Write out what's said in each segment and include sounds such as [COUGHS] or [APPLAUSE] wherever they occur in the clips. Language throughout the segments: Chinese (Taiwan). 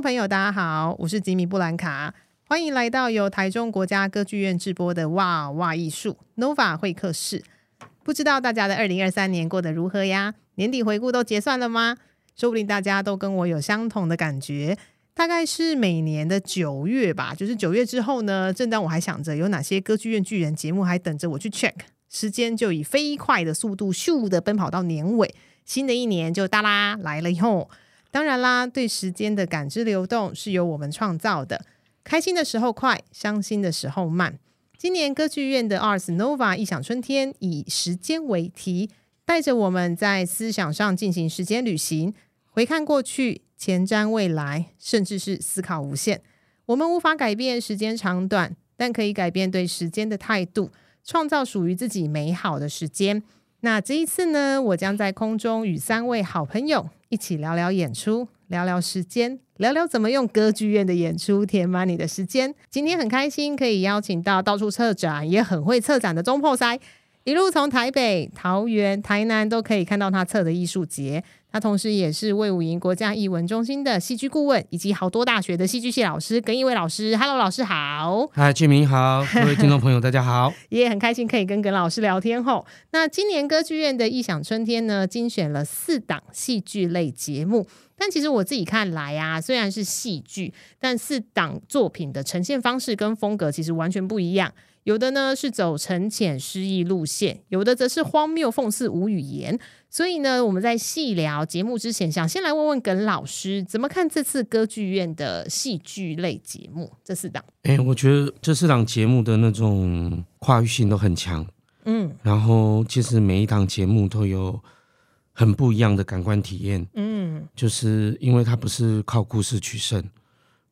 朋友，大家好，我是吉米布蘭卡，歡迎來到由台中國家歌劇院製播的 WOW 挖藝術 NOVA 會客室。不知道大家的二零二三年過得如何呀？年底回顧都結算了嗎？說不定大家都跟我有相同的感覺，大概是每年的九月吧。就是九月之後呢，正當我還想着有哪些歌劇院巨人節目還等着我去 check，時間就以飛快的速度咻的奔跑到年尾，新的一年就噠啦來了以後。當然啦，對時間的感知流動是由我們創造的。開心的時候快，傷心的時候慢。今年歌劇院的 Arts NOVA《藝想春天》以時間為題，帶着我們在思想上進行時間旅行，回看過去，前瞻未來，甚至是思考無限。我們無法改變時間長短，但可以改變對時間的態度，創造屬於自己美好的時間。那這一次呢，我將在空中與三位好朋友一起聊聊演出，聊聊時間，聊聊怎麼用歌劇院的演出填滿你的時間。今天很開心可以邀請到到處策展也很會策展的中破塞，一路從台北、桃園、台南都可以看到他策的藝術節。他同時也是衛武營國家藝文中心的戲劇顧問，以及好多大學的戲劇系老師耿一偉老師。Hello，老師好。Hi，俊明好。各位聽眾朋友， [LAUGHS] 大家好。也、yeah, 很開心可以跟耿老師聊天、哦。後那今年歌劇院的藝想春天呢，精選了四檔戲劇類節目。但其實我自己看來啊，雖然是戲劇，但四檔作品的呈現方式跟風格其實完全不一樣。有的呢是走沉潛詩意路線，有的則是荒謬諷刺無語言。所以呢，我們在細聊節目之前，想先來問問耿老師怎麼看這次歌劇院的戲劇類節目這四檔？哎、欸，我覺得這四檔節目的那種跨域性都很強。嗯，然後其實每一檔節目都有很不一樣的感官體驗。嗯，就是因為它不是靠故事取勝，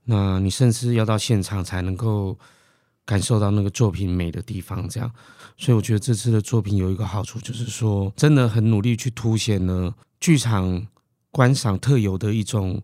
那你甚至要到現場才能夠。感受到那個作品美的地方，這樣。所以我覺得這次的作品有一個好處，就是說真的很努力去凸顯了劇場觀賞特有的一種。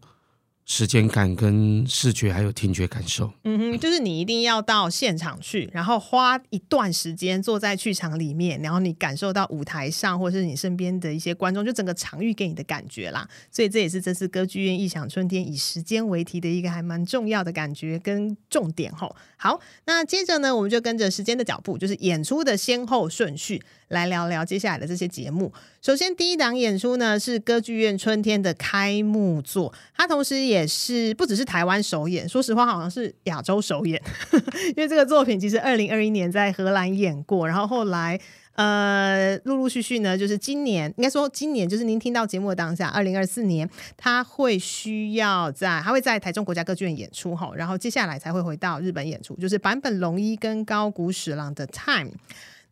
時間感跟視覺還有聽覺感受，嗯哼，就是你一定要到現場去，然後花一段時間坐在劇場裡面，然後你感受到舞台上或是你身邊的一些觀眾，就整個場域給你的感覺啦。所以這也是這次歌劇院藝想春天以時間為題的一個還蠻重要的感覺跟重點吼。好，那接着呢，我們就跟着時間的腳步，就是演出的先後順序。來聊聊接下來的這些節目。首先，第一檔演出呢是歌劇院春天的開幕作，它同時也是不只是台灣首演，說實話好像是亞洲首演，呵呵，因為這個作品其實二零二一年在荷蘭演過，然後後來呃陸陸續續呢，就是今年應該說今年就是您聽到節目的當下，二零二四年他會需要在他會在台中國家歌劇院演出哈，然後接下來才會回到日本演出，就是坂本龍一跟高谷史郎的 Time。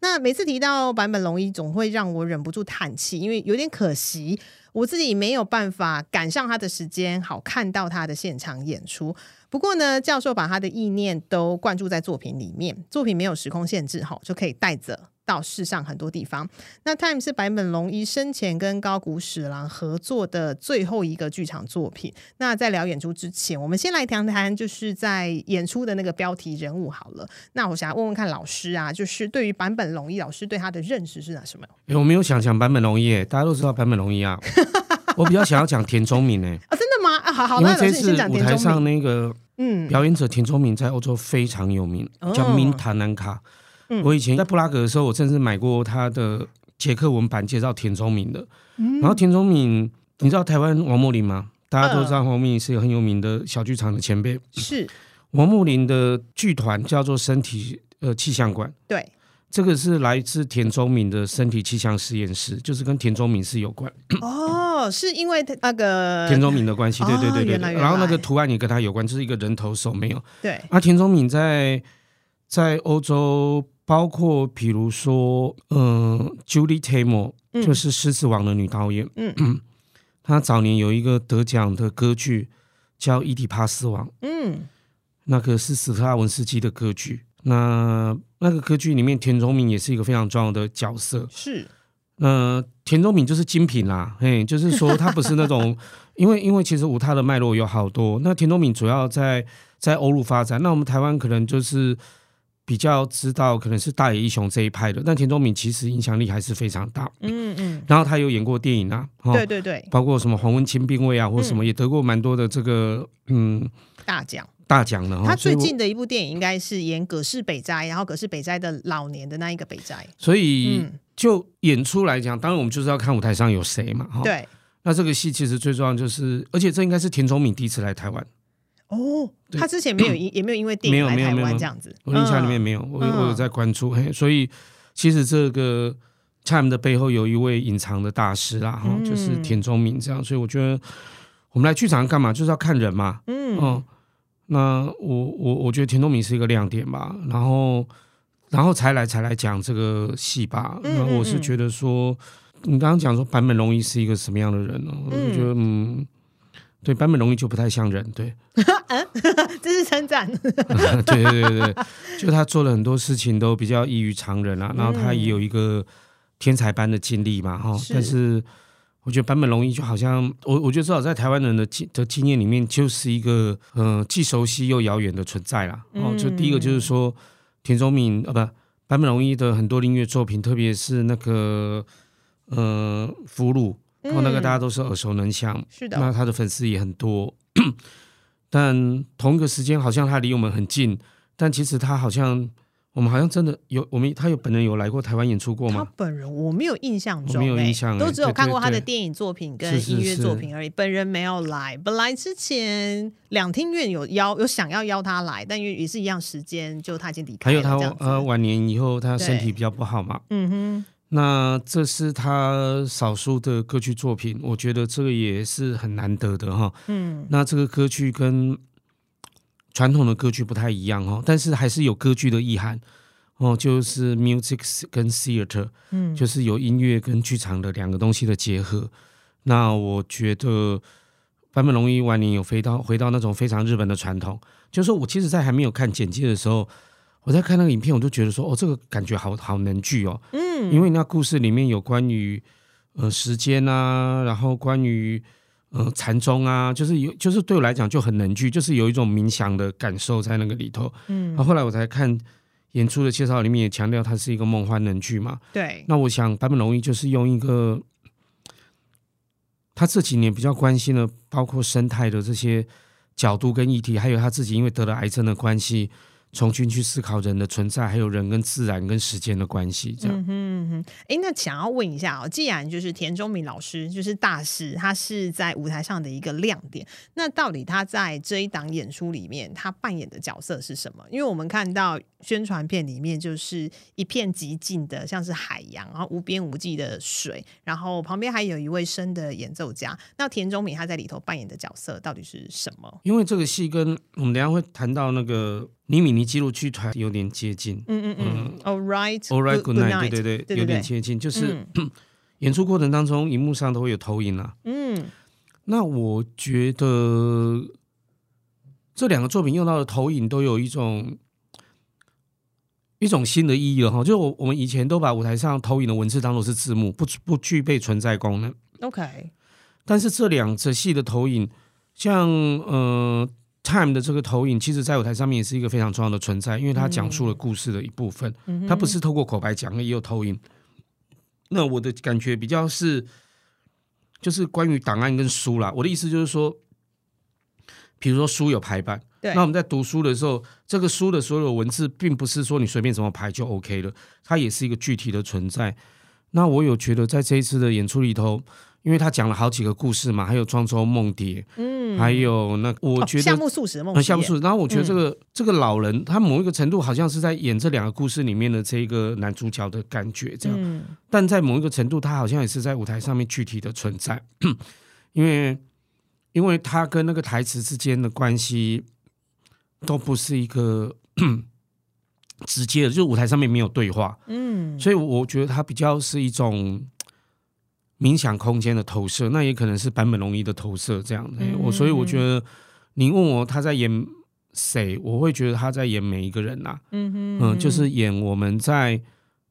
那每次提到坂本龍一，總會讓我忍不住嘆氣，因為有點可惜，我自己沒有辦法趕上他的時間，好，看到他的現場演出。不過呢，教授把他的意念都灌注在作品裡面，作品沒有時空限制，好，就可以帶着。到世上很多地方。那《Time》是坂本龍一生前跟高谷史郎合作的最後一個劇場作品。那在聊演出之前，我們先來談談，就是在演出的那個標題人物好了。那我想問問看老師啊，就是對於坂本龍一老師對他的認識是哪什麼？欸、我沒有想講坂本龍一，欸，大家都知道坂本龍一啊。 [LAUGHS] 我比較想要講田中明呢，欸，啊， [LAUGHS] 哦，真的嗎？好，啊、好，那這是舞台上那個嗯，表演者田中明在歐洲非常有名，嗯、叫明塔南卡。哦嗯、我以前在布拉格的時候，我甚至買過他的捷克文版介紹田中泯的。嗯、然後田中泯，你知道台灣王墨林嗎？大家都知道、呃、王墨林是一個很有名的小劇場的前輩。是王墨林的劇團叫做身體呃氣象館。對，這個是來自田中泯的身體氣象實驗室，就是跟田中泯是有關。哦，是因為那個田中泯的關係？對對對對，對、哦，原，來原來然後那個圖案也跟他有關，就是一個人頭手沒有。對。那、啊、田中泯在在歐洲。包括，比如說，呃、Julie Taymor, 嗯，Julie Taymor 就是《獅子王》的女導演，嗯，她早年有一個得獎的歌劇叫《伊底帕斯王》，嗯，那個是斯特拉文斯基的歌劇，那那個歌劇裡面田中泯也是一個非常重要的角色，是，呃，田中泯就是精品啦，嘿就是說他不是那種， [LAUGHS] 因為因為其實舞踏的脈絡有好多，那田中泯主要在在歐陸發展，那我們台灣可能就是。比較知道可能是大野一雄這一派的，但田中泯其實影響力還是非常大。嗯嗯。嗯，然後他有演過電影啊，哦、對對對，包括什麼《黃文清兵衛》啊，或什麼也得過蠻多的這個嗯，嗯大獎。大獎的。他最近的一部電影應該是演葛飾北齋，嗯、然後葛飾北齋的老年的那一個北齋。所以就演出來講，當然我們就是要看舞台上有誰嘛。哦、對。那這個戲其實最重要就是，而且這應該是田中泯第一次來台灣。哦，他之前沒有，也沒有因為電影來台灣這樣子。我印象裡面沒有，我、嗯、我有在關注。嗯、嘿，所以其實這個《Time》的背後有一位隱藏的大師啊，嗯、就是田中泯這樣。所以我覺得我們來劇場幹嘛，就是要看人嘛。嗯，嗯，那我我我覺得田中泯是一個亮點吧。然後然後才來才來講這個戲吧。嗯嗯嗯然後我是覺得說，你剛剛講說坂本龍一是一個什麼樣的人呢、喔？我覺得嗯。對，坂本龍一就不太像人，對， [LAUGHS] 這是稱讚。 [LAUGHS] [LAUGHS] 對對對對，就他做了很多事情都比較異於常人啊，嗯、然後他也有一個天才般的經歷嘛，哈、哦。是但是我覺得坂本龍一就好像，我我覺得至少在台灣人的經的經驗裡面，就是一個嗯、呃、既熟悉又遙遠的存在啦。嗯、哦，就第一個就是說，田中敏，啊，不，坂本龍一的很多音樂作品，特別是那個呃《俘虜》。然後、嗯、那個大家都是耳熟能詳，是的。那他的粉絲也很多，但同一個時間好像他離我們很近，但其實他好像我們好像真的有我們他有本人有來過台灣演出過嗎？他本人我沒有印象中、欸，沒有印象、欸，都只有看過他的電影作品跟音樂作品而已。是是是本人沒有來，本來之前兩廳院有邀有想要邀他來，但因為也是一樣時間，就他已經離開了。還有他呃，晚年以後他身體比較不好嘛。嗯哼。那這是他少數的歌劇作品，我覺得這個也是很難得的哈。嗯，那這個歌劇跟傳統的歌劇不太一樣哦，但是還是有歌劇的意涵哦，就是 musics 跟 theater，嗯，就是有音樂跟劇場的兩個東西的結合。那我覺得坂本龍一晚年有飛到回到那種非常日本的傳統，就是說我其實，在還沒有看簡介的時候，我在看那個影片，我就覺得說哦，這個感覺好好能劇哦。嗯因為那故事裡面有關於呃時間啊，然後關於呃禪宗啊，就是有就是對我來講就很能劇，就是有一種冥想的感受在那個裡頭。嗯，然後、啊、後來我才看演出的介紹，裡面也強調它是一個夢幻能劇嘛。對，那我想坂本龍一就是用一個他這幾年比較關心的，包括生態的這些角度跟議題，還有他自己因為得了癌症的關係。重新去思考人的存在，還有人跟自然跟時間的關係，這樣。嗯嗯誒、欸，那想要問一下哦，既然就是田中泯老師就是大師，他是在舞台上的一個亮點，那到底他在這一檔演出裡面他扮演的角色是什麼？因為我們看到宣傳片裡面就是一片極靜的，像是海洋，然後無邊無際的水，然後旁邊還有一位笙的演奏家。那田中泯他在裡頭扮演的角色到底是什麼？因為這個戲跟我們等下會談到那個。里米尼紀錄劇團有點接近，嗯嗯嗯 All right，All right，Good night，good night. 對，對對對，有點接近，就是、嗯、演出過程當中，熒幕上都會有投影啊。嗯，那我覺得這兩個作品用到的投影都有一種一種新的意義了哈。就我我們以前都把舞台上投影的文字當做是字幕，不不具備存在功能。OK，嗯、但是這兩則戲的投影，像嗯。呃 Time 的這個投影，其實在舞台上面也是一個非常重要的存在，因為它講述了故事的一部分。嗯、哼它不是透過口白講，也有投影。那我的感覺比較是，就是關於檔案跟書啦。我的意思就是說，比如說書有排版，對那我們在讀書的時候，這個書的所有文字，並不是說你隨便怎麼排就 OK 了，它也是一個具體的存在。那我有覺得在這一次的演出裡頭。因為他講了好幾個故事嘛，還有莊周夢蝶，嗯，還有那個我覺得夏、哦、夏目漱石、夢十夜、夏目漱石，然後我覺得這個、嗯、這個老人，他某一個程度好像是在演這兩個故事裡面的這個男主角的感覺，這樣。嗯、但在某一個程度，他好像也是在舞台上面具體的存在，因為因為他跟那個台詞之間的關係都不是一個直接的，就舞台上面沒有對話，嗯，所以我覺得他比較是一種。冥想空間的投射，那也可能是坂本龍一的投射這樣的我，嗯，所以我覺得，你問我他在演誰，我會覺得他在演每一個人吶，啊。嗯哼，嗯哼，嗯、呃，就是演我們在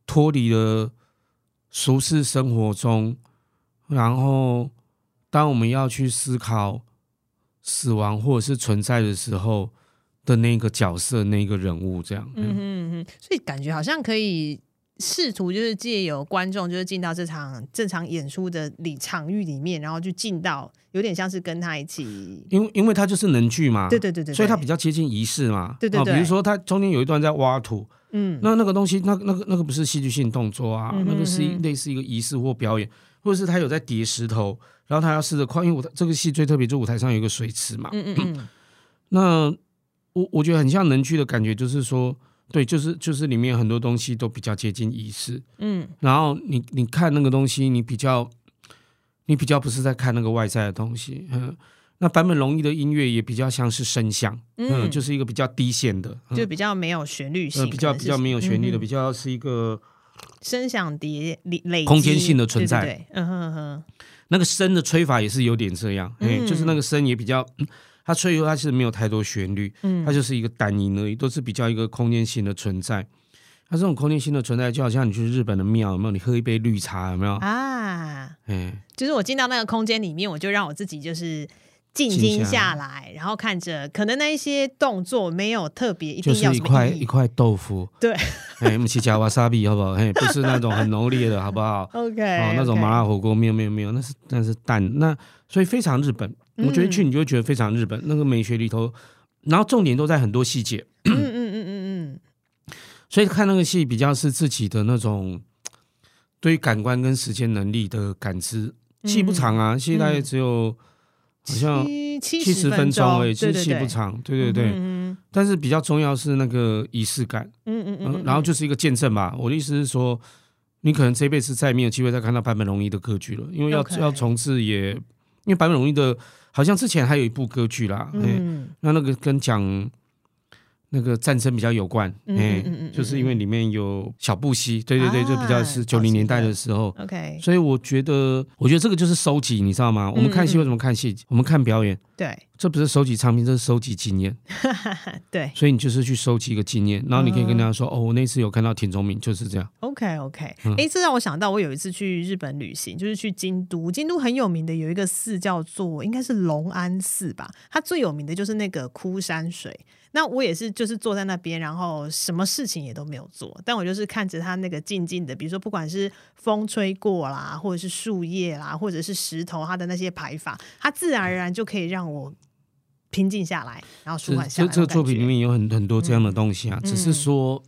脫離了俗世生活中，然後當我們要去思考死亡或者是存在的時候的那個角色，那個人物這樣。嗯哼嗯嗯，所以感覺好像可以。試圖就是借由觀眾，就是進到這場這場演出的裡場域裡面，然後就進到有點像是跟他一起，因因為他就是能劇嘛，對，對對對對，所以他比較接近儀式嘛，對對，對、哦，比如說他中間有一段在挖土，嗯，那那個東西，那那個那個不是戲劇性動作啊，嗯、哼哼，那個是類似一個儀式或表演，或者是他有在疊石頭，然後他要試着跨越舞台。這個戲最特別就舞台上有一個水池嘛，嗯嗯嗯， [COUGHS] 那我我覺得很像能劇的感覺，就是說。對，就是就是裡面很多東西都比較接近儀式，嗯，然後你你看那個東西，你比較你比較不是在看那個外在的東西，嗯、呃，那坂本龍一的音樂也比較像是聲響，嗯、呃，就是一個比較低線的，呃、就比較沒有旋律性，呃、比較比較沒有旋律的，嗯、哼比較是一個聲響疊累空間性的存在，嗯哼哼，那個聲的吹法也是有點這樣，哎，嗯、哼就是那個聲也比較。嗯它吹悠，它其實沒有太多旋律，嗯，它就是一個單音而已，都是比較一個空間性的存在。它、啊、這種空間性的存在，就好像你去日本的廟，有沒有？你喝一杯綠茶，有沒有啊？嗯、欸，就是我進到那個空間裡面，我就讓我自己就是靜靜下來，下來然後看着可能那一些動作沒有特別，就是一塊一塊豆腐，對、欸，哎，我們去加哇沙比好不好？哎、欸，不是那種很濃烈的，好不好 [LAUGHS] ？OK，哦，那種麻辣火鍋 okay 沒有沒有沒有，那是那是淡，那所以非常日本。我覺得去你就會覺得非常日本、嗯、那個美學裡頭，然後重點都在很多細節。嗯嗯嗯嗯嗯。嗯嗯，所以看那個戲比較是自己的那種對於感官跟時間能力的感知。嗯、戲不長啊，戲大概只有好像70分鐘而已，七,七十分鐘，對對對，其實戲不長。對對對。但是比較重要是那個儀式感。嗯嗯嗯。嗯嗯，然後就是一個見證吧。嗯嗯、我的意思是說，你可能這輩子再也沒有機會再看到坂本龍一的歌劇了，因為要 Okay. 要重置也因為坂本龍一的。好像之前還有一部歌劇啦，嗯哼，那那個跟講那個戰爭比較有關，嗯哼嗯哼嗯哼，就是因為裡面有小布希，對對對，啊，就比較是九零年代的時候。哦、是的，OK，所以我覺得，我覺得這個就是收集，你知道嗎？我們看戲嗯嗯為什麼看戲？我們看表演，對。這不是收集藏品，這是收集經驗。 [LAUGHS] 對，所以你就是去收集一個經驗，然後你可以跟大家說：“嗯、哦，我那次有看到田中泯就是這樣。” OK OK、嗯。哎、欸，這讓我想到我有一次去日本旅行，就是去京都。京都很有名的有一個寺叫做，應該是龍安寺吧。它最有名的就是那個枯山水。那我也是，就是坐在那邊，然後什麼事情也都沒有做，但我就是看着它那個靜靜的，比如說不管是風吹過啦，或者是樹葉啦，或者是石頭，它的那些排法，它自然而然就可以讓我。平靜下來，然後舒緩下來。這個作品裡面有很很多這樣的東西啊，嗯、只是說，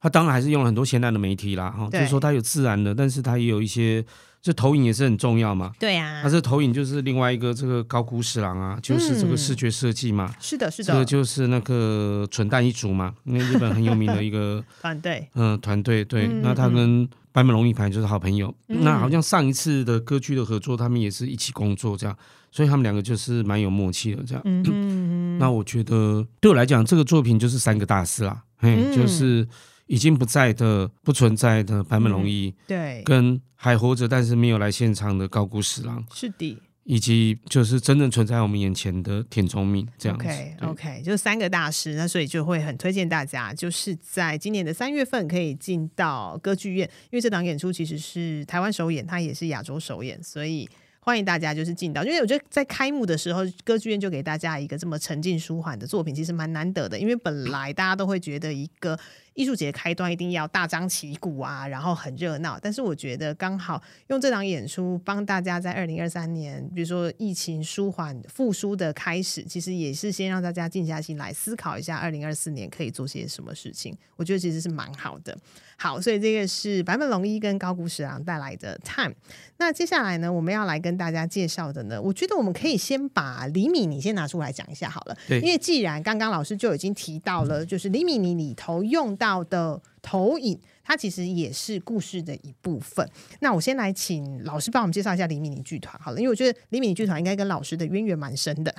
他、嗯、當然還是用了很多現代的媒體啦，哈對，就是說他有自然的，但是他也有一些。這投影也是很重要嘛？對啊，他、啊、這投影就是另外一個這個高谷史郎啊，就是這個視覺設計嘛。嗯、是，的是的，是的，這個就是那個蠢蛋一族嘛，那日本很有名的一個 [LAUGHS] 團隊，嗯、呃，團隊對。嗯、那他跟坂本龍一排就是好朋友，嗯、那好像上一次的歌劇的合作，他們也是一起工作這樣，所以他們兩個就是蠻有默契的這樣。嗯，哼嗯哼 [COUGHS] 那我覺得對我來講，這個作品就是三個大師啦、啊，嘿，就是。嗯已經不在的、不存在的坂本龍一，對，跟還活着但是沒有來現場的高谷史郎，是的，以及就是真正存在我們眼前的田中泯，這樣子。OK，OK，對，就是三個大師，那所以就會很推薦大家，就是在今年的三月份可以進到歌劇院，因為這檔演出其實是台灣首演，它也是亞洲首演，所以歡迎大家就是進到，因為我覺得在開幕的時候，歌劇院就給大家一個這麼沉靜舒緩的作品，其實蠻難得的，因為本來大家都會覺得一個。藝術節的開端一定要大張旗鼓啊，然後很熱鬧。但是我覺得剛好用這檔演出幫大家在二零二三年，比如說疫情舒緩復甦的開始，其實也是先讓大家靜下心來思考一下，二零二四年可以做些什麼事情。我覺得其實是蠻好的。好，所以這個是坂本龍一跟高谷史郎帶來的 Time。那接下來呢，我們要來跟大家介紹的呢，我覺得我們可以先把里米尼先拿出來講一下好了，對因為既然剛剛老師就已經提到了，就是里米尼裡頭用到的投影，它其實也是故事的一部分。那我先來請老師幫我們介紹一下里米尼劇團，好了，因為我覺得里米尼劇團應該跟老師的淵源蠻深的。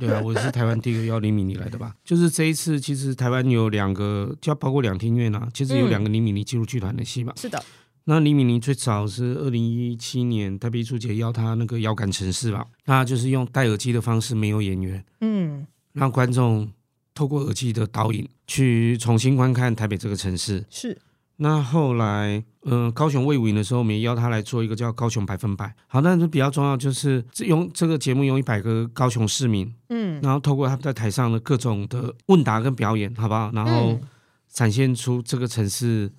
對啊，我是台灣第一個邀 [LAUGHS] 里米尼來的吧？就是這一次，其實台灣有兩個，就要包括兩廳院啊，其實有兩個里米尼紀錄劇團的戲嘛。嗯、是的，那里米尼最早是二零一七年台北藝術節邀他那個遙感城市吧，他就是用戴耳機的方式，沒有演員，嗯，讓觀眾，透過耳機的導引去重新觀看台北這個城市，是。那後來，嗯、呃，高雄衛武營的時候，我們也邀他來做一個叫高雄百分百。好，但是比較重要就是用這個節目用一百個高雄市民，嗯，然後透過他們在台上的各種的問答跟表演，好不好？然後展現出這個城市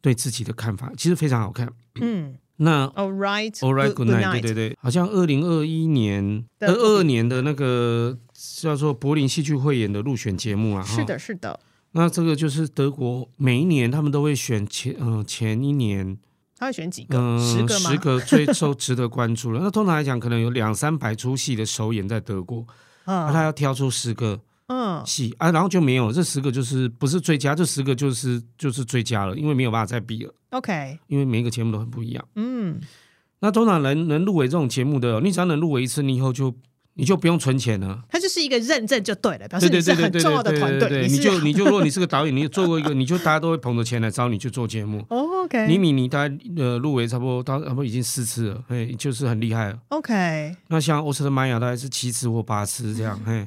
對自己的看法，其實非常好看，嗯。那 All right, All right, good night。good night. 對對對，好像二零二一年、二二對、呃、年的那個叫做柏林戲劇匯演的入選節目啊，是的，是的，是的。那這個就是德國每一年他們都會選前嗯、呃、前一年，他會選幾個？嗯、呃，十個嗎？十個最受值得關注了。 [LAUGHS] 那通常來講，可能有兩三百出戲的首演在德國，啊，uh. 他要挑出十個。嗯，戲啊，然後就沒有這十個就是不是最佳，這十個就是就是最佳了，因為沒有辦法再比了。OK，因為每一個節目都很不一樣。嗯，那通常能能入圍這種節目的，你只要能入圍一次，你以後就你就不用存錢了。它就是一個認證就對了，表示你是很重要的團隊。對，你就你就如果你是個導演，你做過一個，你就大家都會捧着錢來找你去做節目。哦，OK，里米尼大概呃入圍差不多到不已經四次了，嘿，就是很厲害了。OK，那像奧斯特瑪雅大概是七次或八次這樣，嘿。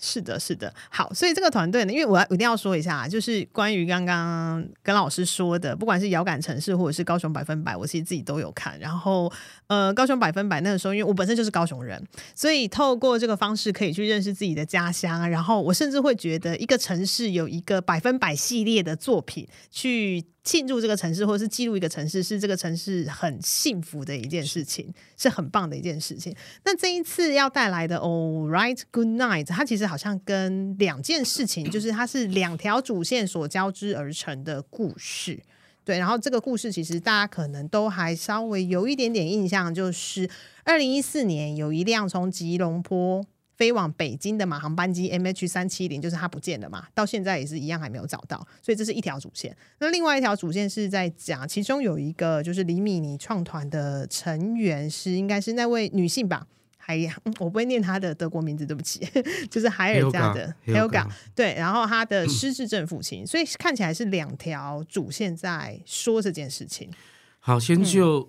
是的，是的，好，所以這個團隊呢，因為我要一定要說一下，就是關於剛剛跟老師說的，不管是遙感城市或者是高雄百分百，我其實自己都有看。然後，呃，高雄百分百那個時候，因為我本身就是高雄人，所以透過這個方式可以去認識自己的家鄉。然後，我甚至會覺得，一個城市有一個百分百系列的作品去慶祝這個城市，或者是記錄一個城市，是這個城市很幸福的一件事情，是很棒的一件事情。那這一次要帶來的，All right. Good night，它其實。好像跟兩件事情，就是它是兩條主線所交織而成的故事，對。然後這個故事其實大家可能都還稍微有一點點印象，就是二零一四年有一輛從吉隆坡飛往北京的馬航班機 MH 三七零，就是它不見了嘛，到現在也是一樣還沒有找到。所以這是一條主線。那另外一條主線是在講，其中有一個就是裡米尼創團的成員是應該是那位女性吧。哎呀，我不會念他的德國名字，對不起，就是海爾這樣的還有港，對。然後他的失智症父親，嗯、所以看起來是兩條主線在說這件事情。好，先就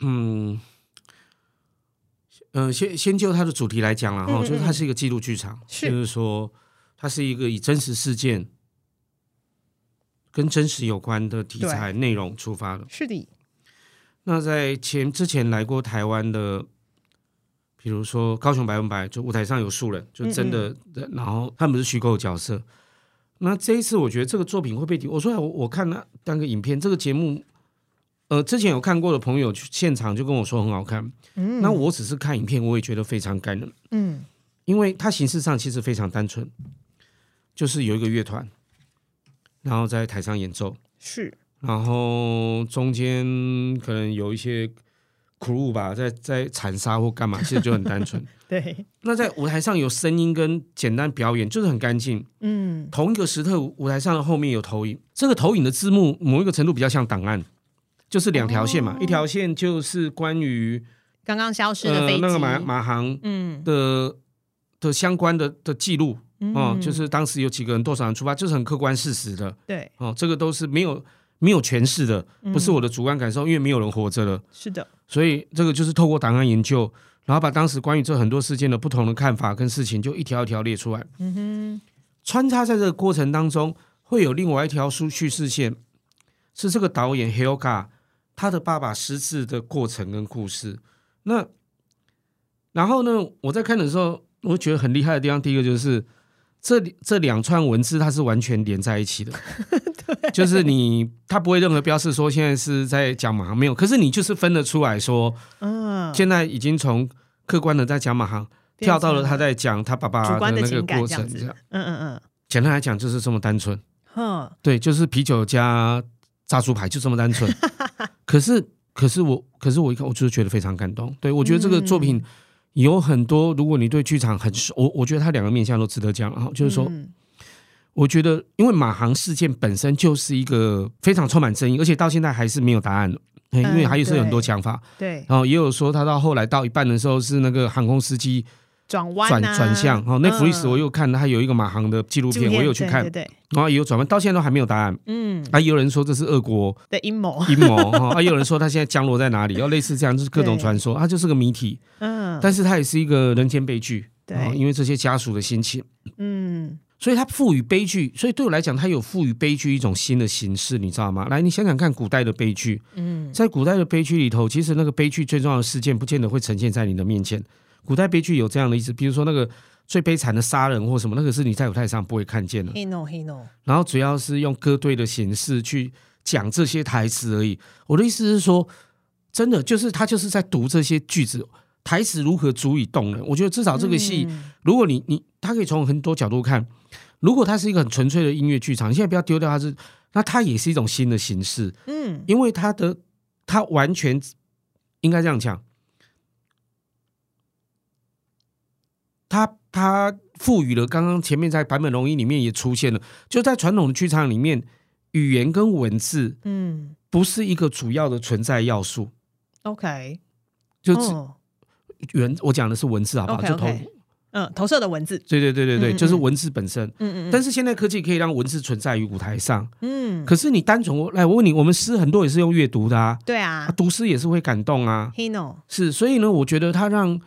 嗯，嗯呃、先先就他的主題來講了、啊、哈，嗯嗯嗯就是他是一個紀錄劇場，是就是說他是一個以真實事件跟真實有關的題材對內容出發的，是的。那在前之前來過台灣的。比如說高雄百分百，就舞台上有素人，就真的，嗯嗯然後他們是虛構角色。那這一次，我覺得這個作品會被我說，我我看那、啊、當個影片，這個節目，呃，之前有看過的朋友去現場就跟我說很好看。嗯、那我只是看影片，我也覺得非常感人。嗯，因為他形式上其實非常單純，就是有一個樂團，然後在台上演奏。是，然後中間可能有一些。苦吧，在在殘殺或幹嘛，其實就很單純。 [LAUGHS] 對，那在舞台上有聲音跟簡單表演，就是很乾淨。嗯，同一個時刻舞，舞台上的後面有投影，這個投影的字幕某一個程度比較像檔案，就是兩條線嘛，哦、一條線就是關於剛剛消失的、呃、那個馬馬航的嗯的的相關的的記錄，哦，嗯、就是當時有幾個人多少人出發，就是很客觀事實的。對，哦，這個都是沒有沒有詮釋的，不是我的主觀感受，嗯、因為沒有人活着了。是的，所以這個就是透過檔案研究，然後把當時關於這很多事件的不同的看法跟事情，就一條一條列出來。嗯哼，穿插在這個過程當中，會有另外一條書敘事線，是這個導演 Helgard 他的爸爸失智的過程跟故事。那然後呢，我在看的時候，我覺得很厲害的地方，第一個就是。這這兩串文字它是完全連在一起的。 [LAUGHS] 對就是你他不會任何標示說現在是在講馬航，沒有，可是你就是分得出來說，嗯，現在已經從客觀的在講馬航，跳到了他在講他爸爸的那個過程。這樣嗯嗯嗯，簡單來講就是這麼單純，呵對，就是啤酒加炸豬排就這麼單純， [LAUGHS] 可是可是我可是我一看我就是覺得非常感動，對我覺得這個作品。嗯有很多，如果你對劇場很熟，我我覺得他兩個面向都值得講。然、哦、後就是說，嗯、我覺得因為馬航事件本身就是一個非常充滿爭議，而且到現在還是沒有答案的、哎，因為還有是有很多講法。嗯、對，對然後也有說他到後來到一半的時候是那個航空司機。轉彎、轉轉向，哦，那福里斯我又看，他有一個馬航的紀錄片，我又去看，然後也有轉彎，到現在都還沒有答案。嗯，啊，也有人說這是俄國的陰謀，陰謀，哈，啊，也有人說他現在降落在哪裡，要類似這樣，就是各種傳說，啊，就是個謎題。嗯，但是它也是一個人間悲劇，對，因為這些家屬的心情，嗯，所以它賦予悲劇，所以對我來講，它有賦予悲劇一種新的形式，你知道嗎？來，你想想看，古代的悲劇，嗯，在古代的悲劇裡頭，其實那個悲劇最重要的事件，不見得會呈現在你的面前。古代悲劇有這樣的意思，比如說那個最悲慘的殺人或什麼，那個是你在舞台上不會看見的。然後主要是用歌隊的形式去講這些台詞而已。我的意思是說，真的就是他就是在讀這些句子台詞，如何足以動人？我覺得至少這個戲，嗯、如果你你他可以從很多角度看，如果它是一個很純粹的音樂劇場，你現在不要丟掉它是，那它也是一種新的形式。嗯，因為它的它完全應該這樣講。它它賦予了剛剛前面在坂本龍一裡面也出現了，就在傳統的劇場裡面，語言跟文字，嗯，不是一個主要的存在要素。OK，就是原我講的是文字好不好？Okay, okay 就投嗯投射的文字。對對對對對，就是文字本身。嗯，嗯嗯。但是現在科技可以讓文字存在於舞台上。嗯。可是你單純我來，我問你，我們詩很多也是用閱讀的啊。對啊。讀詩也是會感動啊。He no 咯。是，所以呢，我覺得它讓。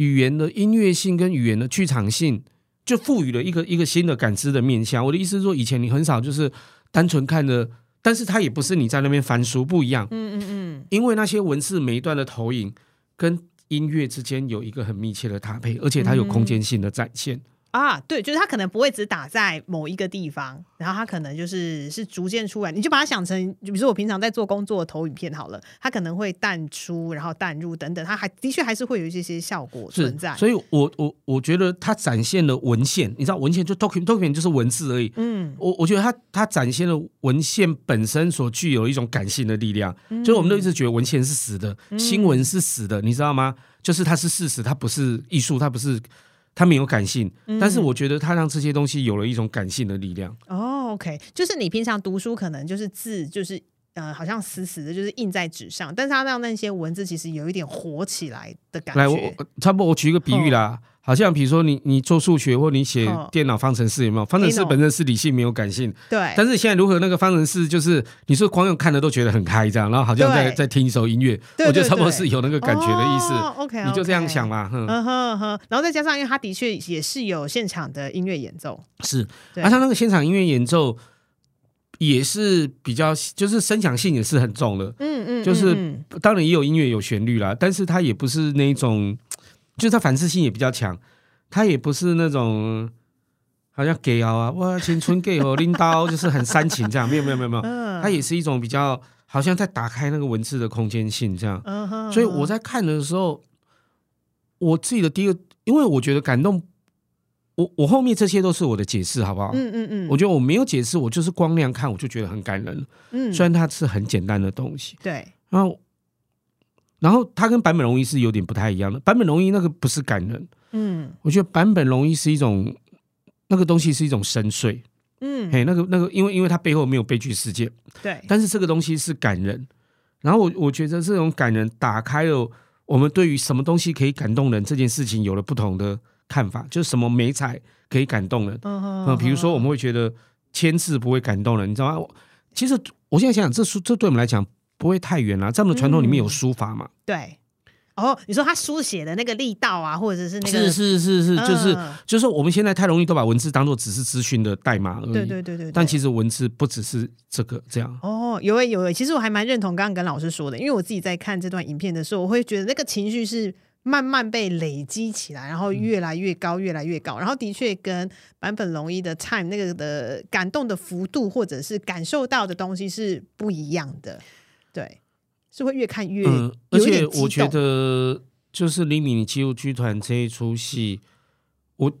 語言的音樂性跟語言的劇場性，就賦予了一個一個新的感知的面向。我的意思是說，以前你很少就是單純看的，但是它也不是你在那邊翻書不一樣。嗯嗯嗯，因為那些文字每一段的投影跟音樂之間有一個很密切的搭配，而且它有空間性的展現。嗯嗯啊，對，就是他可能不會只打在某一個地方，然後他可能就是是逐漸出來，你就把它想成，比如說我平常在做工作投影片好了，它可能會淡出，然後淡入等等，它還的確還是會有一些些效果存在。所以我，我我我覺得他展現了文獻，你知道文獻就 document、document、就是文字而已。嗯，我我覺得他他展現了文獻本身所具有一種感性的力量。嗯、就是我們都一直覺得文獻是死的，嗯、新聞是死的，你知道嗎？就是它是事實，它不是藝術，它不是。他沒有感性，但是我覺得他讓這些東西有了一種感性的力量。哦。嗯。Oh, OK，就是你平常讀書，可能就是字，就是呃，好像死死的，就是印在紙上，但是他讓那些文字其實有一點活起來的感覺。來，我，差不多，我舉一個比喻啦。Oh. 好像比如說你你做數學或你寫電腦方程式，有沒有？方程式本身是理性，沒有感性，對。但是現在如何那個方程式就是你說光用看的都覺得很嗨這樣，然後好像在在聽一首音樂，我覺得差不多是有那個感覺的意思。OK，你就這樣想嘛。然後再加上因為他的確也是有現場的音樂演奏，是。而他那個現場音樂演奏也是比較就是聲響性也是很重的，嗯嗯。就是當然也有音樂有旋律啦，但是他也不是那種。就是他反思性也比較強，他也不是那種好像 gay 哦啊，哇，青春 gay 哦，拎 [LAUGHS] 刀就是很煽情這樣，沒有沒有沒有沒有，沒有嗯、它也是一種比較，好像在打開那個文字的空間性這樣。嗯嗯、所以我在看的時候，我自己的第一個，因為我覺得感動，我我後面這些都是我的解釋好不好？嗯嗯嗯，嗯我覺得我沒有解釋，我就是光亮看，我就覺得很感人。嗯、雖然它是很簡單的東西。對，然後。然後它跟坂本龍一是有點不太一樣的，坂本龍一那個不是感人，嗯，我覺得坂本龍一是一種那個東西是一種深邃，嗯嘿，那個那個因為因為它背後沒有悲劇事件，對，但是這個東西是感人，然後我我覺得這種感人打開了我們對於什麼東西可以感動人這件事情有了不同的看法，就是什麼美才可以感動人，那、哦哦哦哦哦、比如說我們會覺得簽字不會感動人，你知道嗎？其實我現在想想，這這對我們來講。不會太遠啦、啊，這樣的傳統裡面有書法嘛、嗯？對，哦，你說他書寫的那個力道啊，或者是那個是，是是是是，嗯、就是就是我們現在太容易都把文字當做只是資訊的代碼而已。對對，對對對對。但其實文字不只是這個這樣。哦，有誒有誒，其實我還蠻認同剛剛跟老師說的，因為我自己在看這段影片的時候，我會覺得那個情緒是慢慢被累積起來，然後越來越高，越來越高。嗯、然後的確跟坂本龍一的《Time》那個的感動的幅度，或者是感受到的東西是不一樣的。對，是會越看越，嗯，而且我覺得就是里米尼紀錄劇團這一出戲，我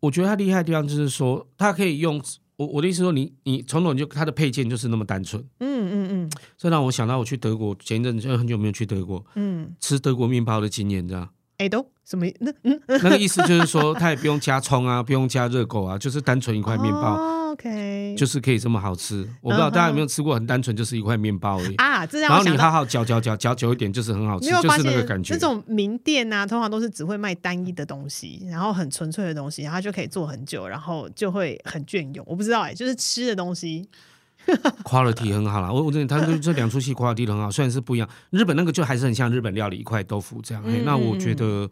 我覺得他厲害的地方就是說，他可以用我我的意思說你，你你從頭你就他的配件就是那麼單純，嗯嗯嗯，這、嗯嗯、讓我想到我去德國，前一陣、呃、很久沒有去德國，嗯，吃德國麵包的經驗這樣。哎、欸，都什麼那？嗯，那個意思就是說，他也不用加蔥啊， [LAUGHS] 不用加熱狗啊，就是單純一塊麵包，oh, okay. 就是可以這麼好吃。我不知道大家有沒有吃過，很單純就是一塊麵包而已啊。Uh huh. 然後你好好嚼嚼嚼嚼久一點，就是很好吃，就是那個感覺。那種名店啊，通常都是只會賣單一的東西，然後很純粹的東西，然後就可以做很久，然後就會很雋永。我不知道哎、欸，就是吃的東西。 [LAUGHS] quality 很好啦，我我真的，他這兩出戲 quality 很好，雖然是不一樣，日本那個就還是很像日本料理一塊豆腐這樣，嗯嗯那我覺得。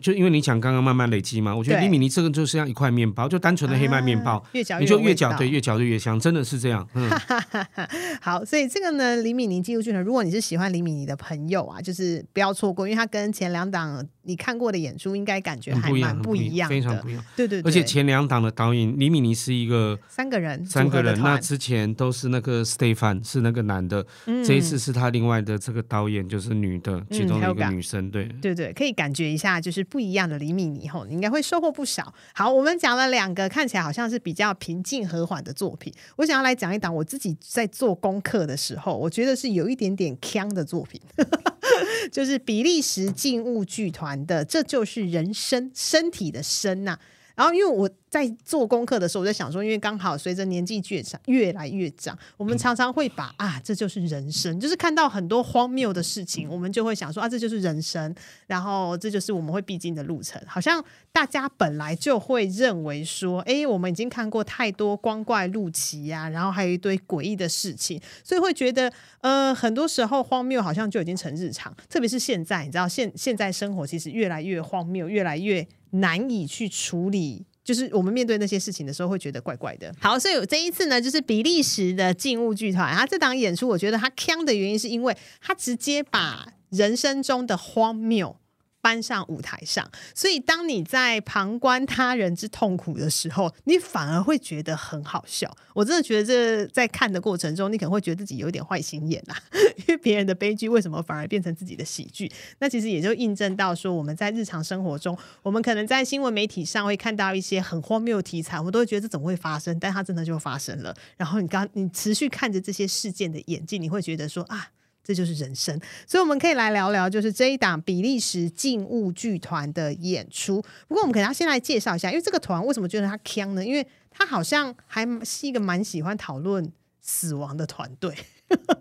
就因為你講剛剛慢慢累積嘛，我覺得里米尼這個就是像一塊麵包，就單純的黑麥麵包，你就越嚼對越嚼就越香，真的是這樣。嗯。哈哈哈。好，所以這個呢，里米尼紀錄劇，如果你是喜歡里米尼的朋友啊，就是不要錯過，因為他跟前兩檔你看過的演出應該感覺還蠻不一樣，非常不一樣。對對對，而且前兩檔的導演里米尼是一個三個人，三個人，那之前都是那個 Stefan 是那個男的，這一次是他另外的這個導演就是女的，其中一個女生，對對對，可以感覺一下就是。不一樣的里米尼吼，你應該會收穫不少。好，我們講了兩個看起來好像是比較平靜和緩的作品，我想要來講一檔我自己在做功課的時候，我覺得是有一點點嗆的作品， [LAUGHS] 就是比利時靜物劇團的《這就是人身》，身體的身吶、啊。然後，因為我在做功課的時候，我在想說，因為剛好隨着年紀越長越來越長，我們常常會把啊，這就是人生，就是看到很多荒謬的事情，我們就會想說啊，這就是人生，然後這就是我們會必經的路程。好像大家本來就會認為說，誒，我們已經看過太多光怪陸離呀、啊，然後還有一堆詭異的事情，所以會覺得，呃，很多時候荒謬好像就已經成日常。特別是現在，你知道，現現在生活其實越來越荒謬，越來越。難以去處理，就是我們面對那些事情的時候，會覺得怪怪的。好，所以這一次呢，就是比利時的靜物劇團，他這檔演出，我覺得他強的原因，是因為他直接把人生中的荒謬搬上舞台上，所以當你在旁觀他人之痛苦的時候，你反而會覺得很好笑。我真的覺得這在看的過程中，你可能會覺得自己有點壞心眼啊，因為別人的悲劇為什麼反而變成自己的喜劇？那其實也就印證到說，我們在日常生活中，我們可能在新聞媒體上會看到一些很荒謬的題材，我們都會覺得這怎麼會發生？但它真的就發生了。然後你剛你持續看着這些事件的演進，你會覺得說啊。這就是人生，所以我們可以來聊聊，就是這一檔比利時靜物劇團的演出。不過，我們可能要先來介紹一下，因為這個團為什麼覺得他強呢？因為他好像還是一個蠻喜歡討論死亡的團隊呵呵，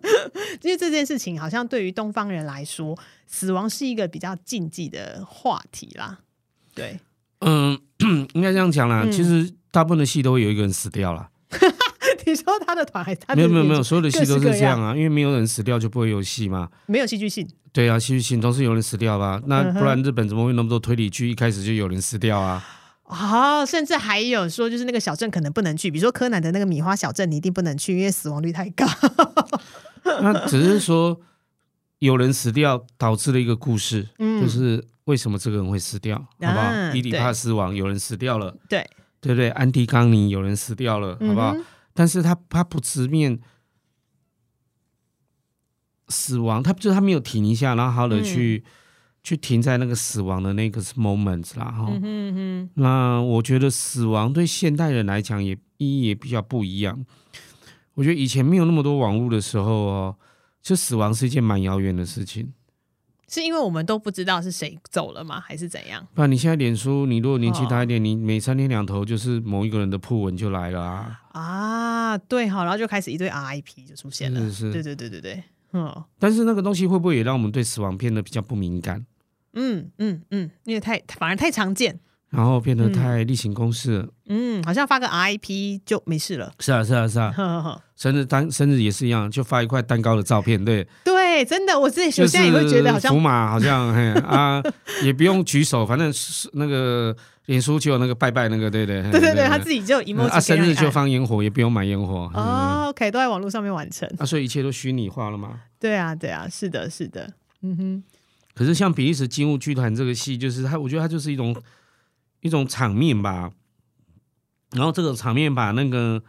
因為這件事情好像對於東方人來說，死亡是一個比較禁忌的話題啦。對，嗯，應該這樣講啦。嗯、其實大部分的戲都會有一個人死掉啦。你說他的團還是他沒有沒有沒有，所有的戲都是這樣啊，各式各樣，因為沒有人死掉就不會有戲嘛，沒有戲劇性。對啊，戲劇性總是有人死掉吧？那不然日本怎麼會那麼多推理劇？一開始就有人死掉啊！啊、嗯哦，甚至還有說，就是那個小鎮可能不能去，比如說柯南的那個米花小鎮，你一定不能去，因為死亡率太高。 [LAUGHS] 那只是說有人死掉導致了一個故事，嗯、就是為什麼這個人會死掉，嗯、好不好？伊底帕斯王有人死掉了，對，對不對？安提岡妮有人死掉了，嗯、哼好不好？但是他他不直面死亡，他就是他沒有停一下，然後好的去、嗯、去停在那個死亡的那個 moment 啦。哈、嗯嗯，嗯那我覺得死亡對現代人來講也意義也比較不一樣。我覺得以前沒有那麼多網絡的時候哦，就死亡是一件蠻遙遠的事情。是因為我們都不知道是誰走了嗎？還是怎樣？不然你現在臉書，你如果年紀大一點，哦、你每三天兩頭就是某一個人的訃聞就來了啊啊。啊，對、哦，好，然後就開始一堆 RIP 就出現了，是是是對對對對對，嗯。但是那個東西會不會也讓我們對死亡變得比較不敏感？嗯嗯嗯，因為太反而太常見，然後變得太例行公事了嗯。嗯，好像發個 RIP 就沒事了。是啊是啊是啊，生日單生日也是一樣，就發一塊蛋糕的照片，對對，真的，我自己、就是、我現在也會覺得好像福馬好像嘿啊， [LAUGHS] 也不用舉手，反正是那個。演出就有那個拜拜那個，對對對對 [LAUGHS] 他自己就、嗯、他一模。啊，生日就放煙火，也不用買煙火。哦、oh，OK、嗯、都在網絡上面完成。那、啊、所以一切都虛擬化了嘛。對啊，對啊，是的，是的。嗯哼。可是像比利時靜物劇團這個戲，就是它，我覺得它就是一種一種場面吧。然後這種場面吧，那個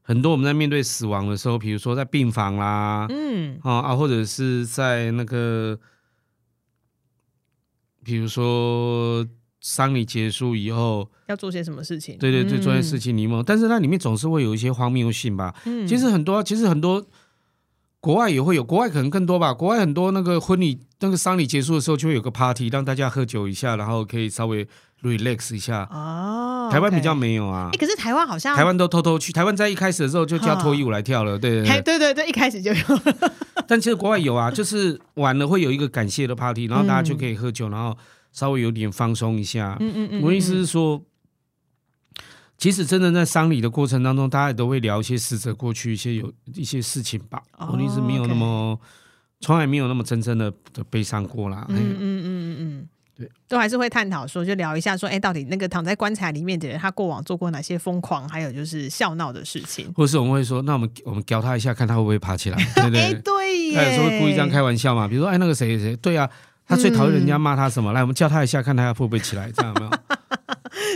很多我們在面對死亡的時候，比如說在病房啦，嗯啊啊，或者是在那個，比如說。喪禮結束以後要做些什麼事情？對對對，嗯、做些事情。檸檬，但是那裡面總是會有一些荒謬性吧。嗯，其實很多，其實很多國外也會有，國外可能更多吧。國外很多那個婚禮，那個喪禮結束的時候就會有個 party，讓大家喝酒一下，然後可以稍微 relax 一下。哦，台灣比較沒有啊。哎、欸，可是台灣好像台灣都偷偷去。台灣在一開始的時候就叫脫衣舞來跳了，對對，對，對，對。台對對對，一開始就有。但其實國外有啊， [LAUGHS] 就是完了會有一個感謝的 party，然後大家就可以喝酒，嗯、然後。稍微有點放鬆一下。嗯嗯，嗯嗯嗯。我意思是說，即使真正在喪禮的過程當中，大家都會聊一些死者過去一些有一些事情吧。哦、我意思是沒有那麼，從 okay 來沒有那麼真正的悲傷過啦。嗯嗯嗯嗯，嗯對，都還是會探討說，就聊一下說，哎、欸，到底那個躺在棺材裡面的人，他過往做過哪些瘋狂，還有就是笑鬧的事情。或是我們會說，那我們我們叫他一下，看他會不會爬起來，對不對，對？ [LAUGHS] 欸、對、啊、有時候會故意這樣開玩笑嘛？比如說，哎、欸，那個誰誰，對啊。他最討厭人家罵他什麼？嗯、來，我們叫他一下，看他會不會起來， [LAUGHS] 這樣有沒有？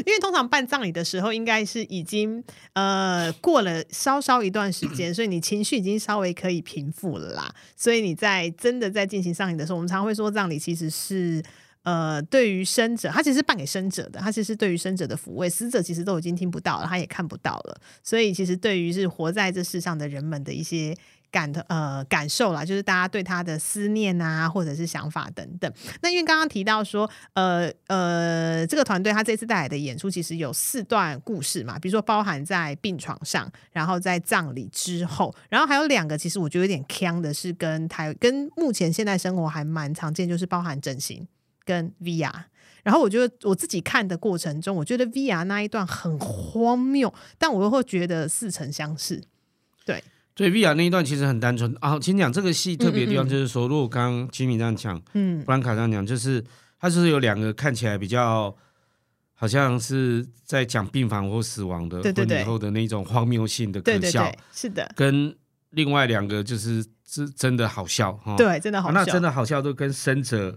因為通常辦葬禮的時候，應該是已經呃過了稍稍一段時間，所以你情緒已經稍微可以平復了啦。 [COUGHS] 所以你在真的在進行葬禮的時候，我們常，常會說，葬禮其實是呃對於生者，他其實是辦給生者的，他其實對於生者的撫慰，死者其實都已經聽不到了，他也看不到了。所以其實對於是活在這世上的人們的一些。感的呃感受啦，就是大家對他的思念啊，或者是想法等等。那因為剛剛提到說，呃呃，這個團隊他這次帶來的演出其實有四段故事嘛，比如說包含在病床上，然後在葬禮之後，然後還有兩個，其實我覺得有點坑的是跟台跟目前現代生活還蠻常見，就是包含整形跟 VR。然後我覺得我自己看的過程中，我覺得 VR 那一段很荒謬，但我又會覺得似曾相識，對。所以 VR 那一段其實很單純啊。請、哦、講這個戲特別的地方，就是說，如果剛，剛吉米這樣講，嗯，布、嗯、蘭卡這樣講，就是他就是有兩個看起來比較，好像是在講病房或死亡的，對對對，以後的那一種荒謬性的可笑，對對對對是的，跟另外兩個就是真真的好笑哈，哦、對，真的好笑、啊，那真的好笑都跟生者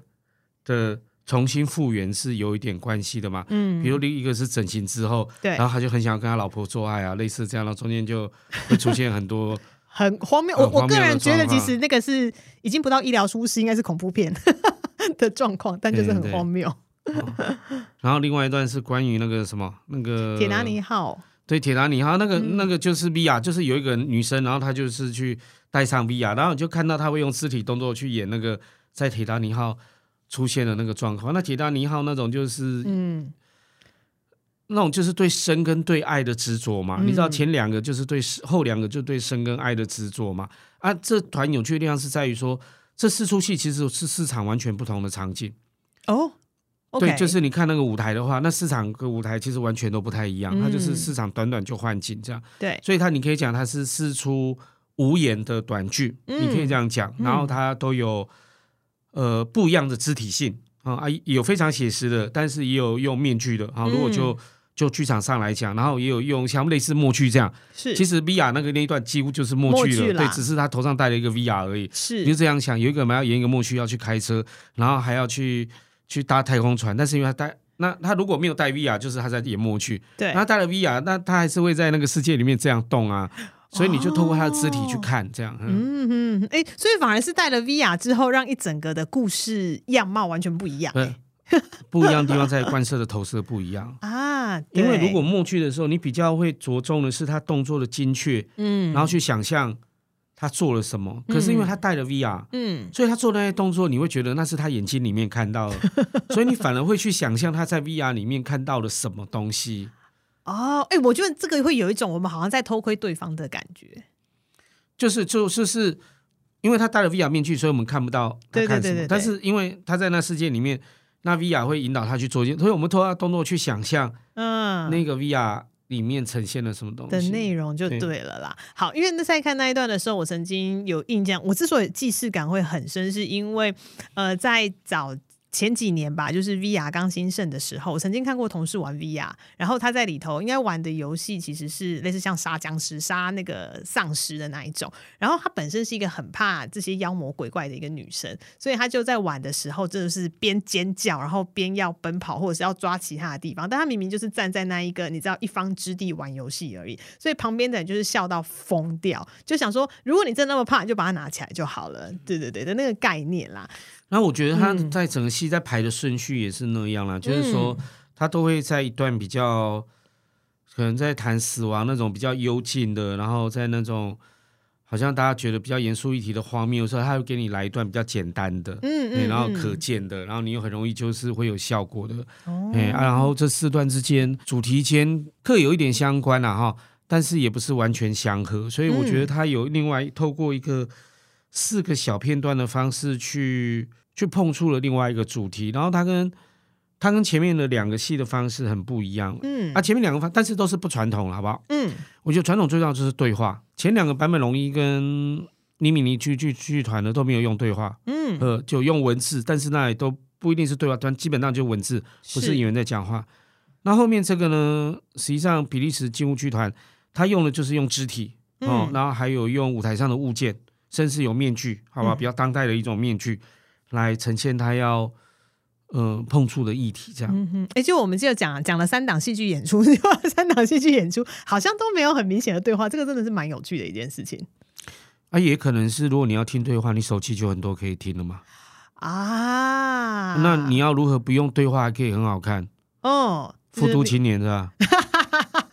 的，嗯重新復原是有一點關係的嘛，嗯，比如另一個是整形之後，對然後他就很想要跟他老婆做愛啊，對類似這樣的，然後中間就會出現很多 [LAUGHS] 很荒謬謬。啊、我我個人覺得，其實那個是已經不到醫療舒適，應該是恐怖片的狀況，嗯、但就是很荒謬、哦。然後另外一段是關於那個什麼那個鐵達尼號，對，鐵達尼號那個、嗯、那個就是 VR，就是有一個女生，然後她就是去帶上 VR，然後就看到她會用肢體動作去演那個在鐵達尼號。出現了那個狀況，那《鐵達尼號》那種就是，嗯，那種就是對生跟對愛的執着嘛。嗯、你知道前兩個就是對，後兩個就對生跟愛的執着嘛。啊，這團有趣的地方是在於說，這四出戲其實是四場完全不同的場景。哦，okay. 對，就是你看那個舞台的話，那四場跟舞台其實完全都不太一樣。嗯、它就是市場短短就換景這樣。對，所以它你可以講它是四出無言的短劇，嗯、你可以這樣講。嗯、然後它都有。呃，不一樣的肢體性啊、哦、啊，也有非常寫實的，但是也有用面具的啊。然後如果就、嗯、就劇場上來講，然後也有用像類似默劇這樣。是，其實 VR 那個那一段幾乎就是默劇了，對，只是他頭上戴了一個 VR 而已。是，你就這樣想，有一個人要演一個默劇要去開車，然後還要去去搭太空船，但是因為他戴那，他如果沒有戴 VR，就是他在演默劇。對，那戴了 VR，那他還是會在那個世界裡面這樣動啊。所以你就透過他的肢體去看，這樣。嗯、哦、嗯，哎、嗯欸，所以反而是戴了 VR 之後，讓一整個的故事樣貌完全不一樣、欸。對，不一樣的地方在觀測的投射不一樣啊。對，因為如果默劇的時候，你比較會着重的是他動作的精確，嗯，然後去想象他做了什麼。可是因為他戴了 VR，嗯，嗯，所以他做那些動作，你會覺得那是他眼睛裡面看到的。所以你反而會去想象他在 VR 裡面看到了什麼東西。哦，哎、欸，我覺得這個會有一種我們好像在偷窺對方的感覺，就是就是是因為他戴了 VR 面具，所以我們看不到他看對對對，對，對，對，但是因為他在那世界裡面，那 VR 會引導他去做一些，所以我們通過動作去想象，嗯，那個 VR 裡面呈現了什麼東西的內容就對了啦。對好，因為那在看那一段的時候，我曾經有印象，我之所以既視感會很深，是因為呃，在早。前幾年吧，就是 VR 剛興盛的時候，我曾經看過同事玩 VR，然後他在裡頭應該玩的遊戲其實是類似像殺僵屍、殺那個喪屍的那一種。然後他本身是一個很怕這些妖魔鬼怪的一個女生，所以他就在玩的時候真的是邊尖叫，然後邊要奔跑或者是要抓其他的地方。但他明明就是站在那一個你知道一方之地玩遊戲而已，所以旁邊的人就是笑到瘋掉，就想說：如果你真的那麼怕，你就把它拿起來就好了。對對對的那個概念啦。那我覺得他在整個戲在排的順序也是那樣啦，嗯、就是說他都會在一段比較，可能在談死亡那種比較幽靜的，然後在那種好像大家覺得比較嚴肅議題的畫面，有時候他會給你來一段比較簡單的，嗯，嗯、哎、然後可見的，嗯嗯、然後你又很容易就是會有效果的，嗯、哎，啊、然後這四段之間主題間各有一點相關了、啊、哈，但是也不是完全相合，所以我覺得他有另外透過一個。四個小片段的方式去去碰觸了另外一個主題，然後他跟他跟前面的兩個戲的方式很不一樣，嗯，啊，前面兩個方，但是都是不傳統了，好不好？嗯，我覺得傳統最重要就是對話，前兩個坂本龍一跟里米尼紀錄劇劇劇劇團呢，都沒有用對話，嗯，呃，就用文字，但是那也都不一定是對話，但基本上就文字，不是演員在講話。那後面這個呢，實際上比利時靜物劇團，他用的就是用肢體，哦，嗯，然後還有用舞台上的物件。甚至有面具，好吧，比較當代的一種面具來呈現他要嗯、呃、碰觸的議題，這樣。嗯哼。哎、欸，就我們就講講了三檔戲劇演出，三檔戲劇演出好像都沒有很明顯的對話，這個真的是蠻有趣的一件事情。啊，也可能是如果你要聽對話，你手機就很多可以聽了嘛。啊。那你要如何不用對話還可以很好看？哦。富都青年是，你是吧？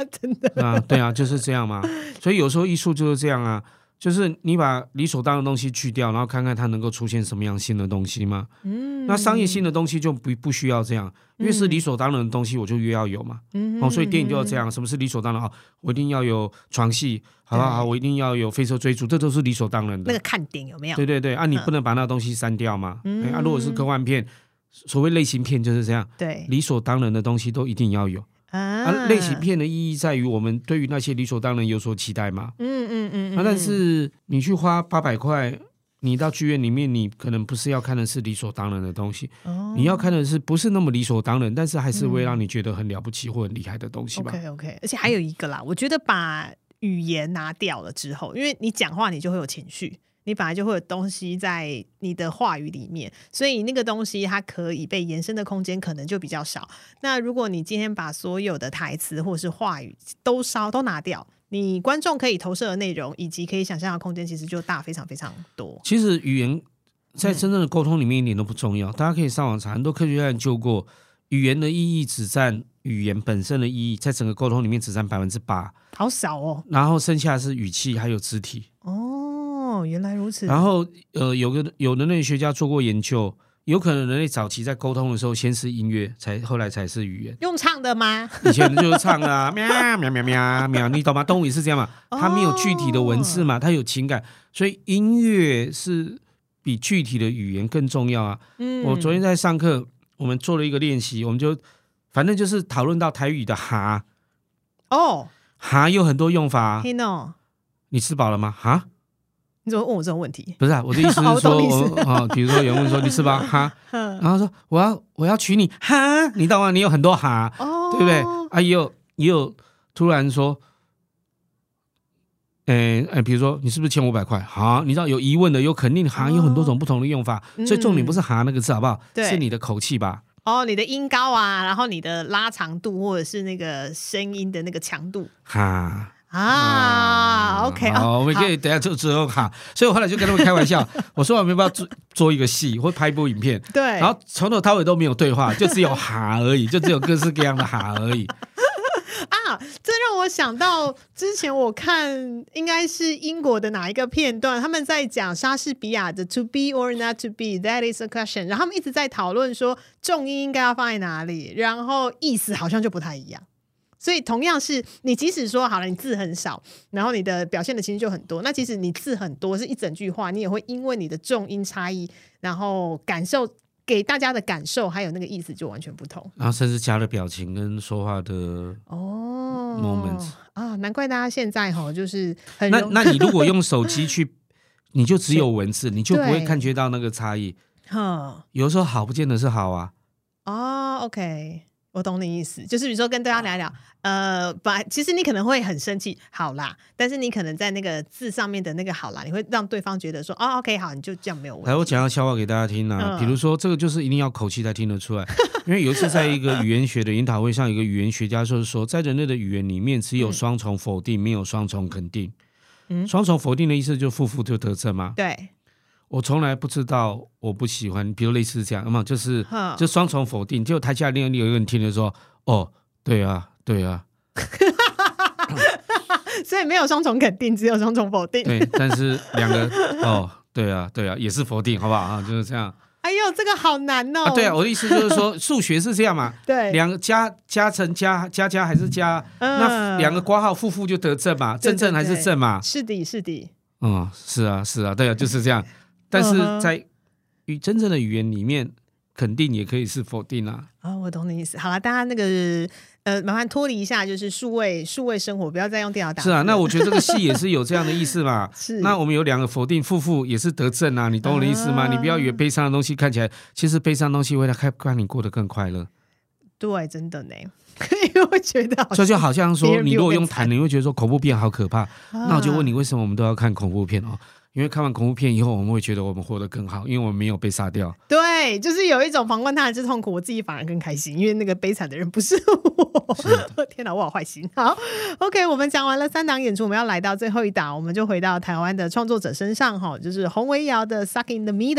[LAUGHS] 真的。啊，對啊，就是這樣嘛。 [LAUGHS] 所以有時候藝術就是這樣啊。就是你把理所當然的東西去掉，然後看看它能夠出現什麼樣新的東西嗎？嗯，那商業性的東西就不不需要這樣，越是理所當然的東西，我就越要有嘛。嗯哼，哦，所以電影就要這樣，嗯、哼什麼是理所當然啊、哦？我一定要有床戲，好不好？對我一定要有飛車追逐，這都是理所當然的。那個看點有沒有？對對對，啊，你不能把那東西刪掉嘛、嗯哎。啊，如果是科幻片，所謂類型片就是這樣。對，理所當然的東西都一定要有。啊，類型片的意義在於我們對於那些理所當然有所期待嘛。嗯嗯嗯。那、嗯嗯嗯啊、但是你去花八百塊，你到劇院裡面，你可能不是要看的是理所當然的東西，哦、你要看的是不是那麼理所當然，但是還是會讓你覺得很了不起或很厲害的東西吧。嗯、okay, OK，而且還有一個啦，嗯、我覺得把語言拿掉了之後，因為你講話你就會有情緒。你本來就會有東西在你的話語裡面，所以那個東西它可以被延伸的空間可能就比較少。那如果你今天把所有的台詞或者是話語都燒都拿掉，你觀眾可以投射的內容以及可以想象的空間，其實就大非常非常多。其實語言在真正的溝通裡面一點都不重要，嗯、大家可以上網查，很多科學家研究過，語言的意義只占語言本身的意義在整個溝通裡面只占百分之八，好少哦。然後剩下是語氣還有肢體哦。哦，原來如此。然後，呃，有個有人類學家做過研究，有可能人類早期在溝通的時候，先是音樂，才後來才是語言。用唱的嗎？以前就是唱的、啊 [LAUGHS] 喵，喵喵喵喵喵，你懂嗎？動物也是這樣嘛，它、哦、沒有具體的文字嘛，它有情感，所以音樂是比具體的語言更重要啊。嗯，我昨天在上課，我們做了一個練習，我們就反正就是討論到台語的哈。哦，哈有很多用法、啊。咯你吃飽了嗎？哈？你怎麼問我這種問題？不是、啊、我的意思是說，啊、哦哦，比如說有人問說 [LAUGHS] 你是吧？哈，然後說我要我要娶你哈，你知道嗎？你有很多哈，哦、對不對？啊，也有也有突然說，哎、欸、哎、欸，比如說你是不是欠五百塊？好，你知道有疑問的有肯定哈，哦、有很多種不同的用法，所以重點不是哈、嗯、那個字好不好？對是你的口氣吧？哦，你的音高啊，然後你的拉長度或者是那個聲音的那個強度哈。啊，啊，OK，uh, 好，我們可以等一下就之後哈。所以，我後來就跟他們開玩笑， [LAUGHS] 我說我們要不要做做一個戲， [LAUGHS] 或拍一部影片？對。然後從頭到尾都沒有對話， [LAUGHS] 就只有哈而已，就只有各式各樣的哈而已。 [LAUGHS] 啊，這讓我想到之前我看應該是英國的哪一個片段，他們在講莎士比亞的 "To be or not to be, that is a question"，然後他們一直在討論說重音應該要放在哪裡，然後意思好像就不太一樣。所以，同樣是你，即使說好了，你字很少，然後你的表現的情緒就很多。那即使你字很多，是一整句話，你也會因為你的重音差異，然後感受給大家的感受，還有那個意思就完全不同。然後，甚至加了表情跟說話的 mom 哦 moment 啊、哦，難怪大家現在哈、哦、就是很那。那你如果用手機去， [LAUGHS] 你就只有文字，你就不會感覺到那個差異。哈，有時候好不見得是好啊。啊、哦、，OK。我懂你意思，就是比如說跟對方聊一聊，好呃，把其實你可能會很生氣，好啦，但是你可能在那個字上面的那個好啦，你會讓對方覺得說，哦，OK，好，你就這樣沒有問題。來，我講個笑話給大家聽啊，比、嗯、如說這個就是一定要口氣才聽得出來，嗯、因為有一次在一個語言學的研討會上， [LAUGHS] 一個語言學家就是說，在人類的語言裡面只有雙重否定，嗯、沒有雙重肯定。嗯，雙重否定的意思就負負就得正嗎？對。我從來不知道我不喜歡，比如類似這樣，要就是就雙重否定。就台下另外有一個人聽了說：“哦，對啊，對啊。” [LAUGHS] [LAUGHS] 所以沒有雙重肯定，只有雙重否定。 [LAUGHS] 對，但是兩個哦，對啊，對啊，對啊，也是否定，好不好？就是這樣。哎呦，這個好難哦、啊。對啊，我的意思就是說，數學是這樣嘛。 [LAUGHS] 對，兩個加加成加加加還是加，嗯、那兩個括號負負就得正嘛，正正還是正嘛。是的，是的。嗯，是啊，是啊，對啊，就是這樣。 [LAUGHS] 但是在真正的語言裡面，uh huh. 肯定也可以是否定啊。啊，oh, 我懂你的意思。好了，大家那個呃，麻煩脫離一下，就是數位數位生活，不要再用電腦打字。是啊，那我覺得這個戲也是有這樣的意思嘛。 [LAUGHS] 是。那我們有兩個否定，負負也是得正啊。你懂我的意思嗎？Uh huh. 你不要以為悲傷的東西看起來，其實悲傷的東西為了開讓你過得更快樂。對，真的呢，因 [LAUGHS] 以我覺得，所以就好像說，你如果用談，你會覺得說恐怖片好可怕。Uh huh. 那我就問你，為什麼我們都要看恐怖片哦？因為看完恐怖片以後，我們會覺得我們活得更好，因為我們沒有被殺掉。對，就是有一種旁觀他人的痛苦，我自己反而更開心，因為那個悲慘的人不是我。是的。天哪，我好壞心。好，OK，我們講完了三檔演出，我們要來到最後一檔，我們就回到台灣的創作者身上哈，就是洪唯堯的《Sucks in the Middle》。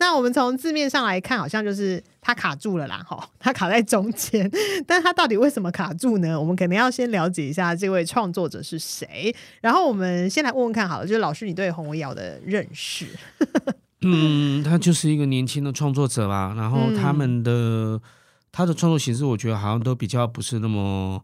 那我們從字面上來看，好像就是。他卡住了啦，吼，他卡在中間，但他他到底為什麼卡住呢？我們肯定要先了解一下這位創作者是誰？然後我們先來問問看，好了，就是老師，你對洪唯堯的認識？ [LAUGHS] 嗯，他就是一個年輕的創作者吧。然後他們的、嗯、他的創作形式，我覺得好像都比較不是那麼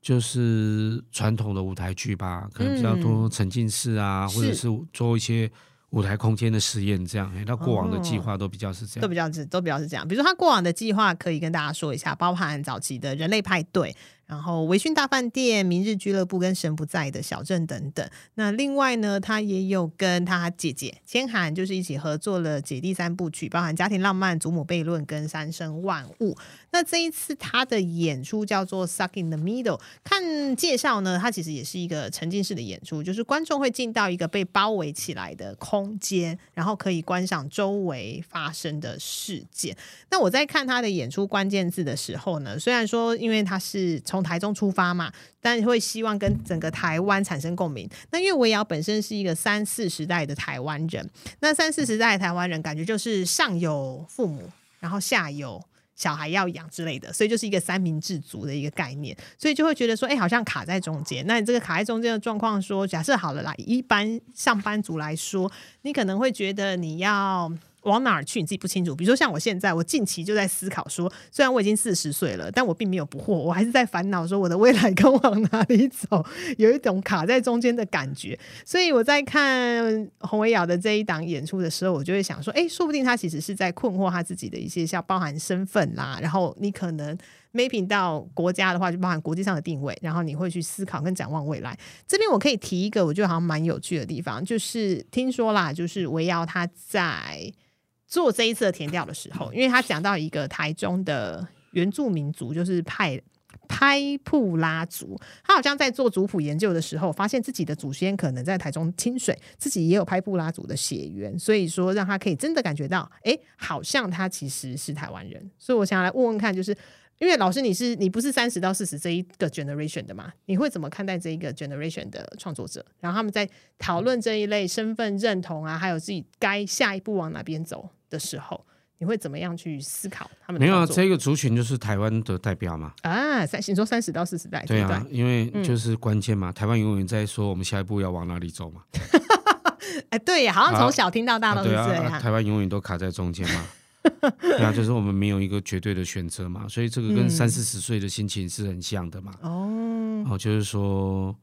就是傳統的舞台劇吧，可能比較多沉浸式啊，嗯、或者是做一些。舞台空間的實驗，這樣，他過往的計劃都比較是這樣，哦、都比較是都比較是這樣。比如說，他過往的計劃可以跟大家說一下，包含早期的人類派對。然後微醺大飯店、明日俱樂部跟神不在的小鎮等等。那另外呢，他也有跟他姐姐千涵，就是一起合作了姐弟三部曲，包含家庭浪漫、祖母悖論跟三生萬物。那這一次他的演出叫做《Sucks in the Middle》，看介紹呢，他其實也是一個沉浸式的演出，就是觀眾會進到一個被包圍起來的空間，然後可以觀賞周圍發生的事件。那我在看他的演出關鍵字的時候呢，雖然說因為他是從從台中出發嘛，但會希望跟整個台灣產生共鳴。那因為唯堯本身是一個三四十代的台灣人，那三四十代的台灣人感覺就是上有父母，然後下有小孩要養之類的，所以就是一個三明治族的一個概念，所以就會覺得說，哎、欸，好像卡在中間。那你這個卡在中間的狀況，說假設好了啦，一般上班族來說，你可能會覺得你要。往哪兒去你自己不清楚？比如說像我現在，我近期就在思考說，雖然我已經四十歲了，但我並沒有不惑，我還是在煩惱說我的未來該往哪裡走，有一種卡在中間的感覺。所以我在看洪唯堯的這一檔演出的時候，我就會想說，誒，說不定他其實是在困惑他自己的一些，像包含身份啦，然後你可能 mapping 到國家的話，就包含國際上的定位，然後你會去思考跟展望未來。這邊我可以提一個，我覺得好像蠻有趣的地方，就是聽說啦，就是唯堯他在。做這一次的田調的時候，因為他講到一個台中的原住民族，就是派，拍瀑拉族，他好像在做族譜研究的時候，發現自己的祖先可能在台中清水，自己也有拍瀑拉族的血緣，所以說讓他可以真的感覺到，哎、欸，好像他其實是台灣人，所以我想來問問看，就是。因為老師你是你不是三十到四十這一個 generation 的嘛？你會怎麼看待這一個 generation 的創作者？然後他們在討論這一類身份認同啊，還有自己該下一步往哪邊走的時候，你會怎麼樣去思考他們的？沒有啊，這個族群就是台灣的代表嘛。啊，三你說三十到四十代，對啊，對對，因為就是關鍵嘛。嗯、台灣永遠在說我們下一步要往哪裡走嘛。哎、 [LAUGHS] 欸，對呀，好像從小聽到大都是這樣、啊啊對啊啊、台灣永遠都卡在中間嘛。 [LAUGHS] [LAUGHS] 對啊，就是我們沒有一個絕對的選擇嘛，所以這個跟三四十、嗯、歲的心情是很像的嘛。哦，哦，就是說，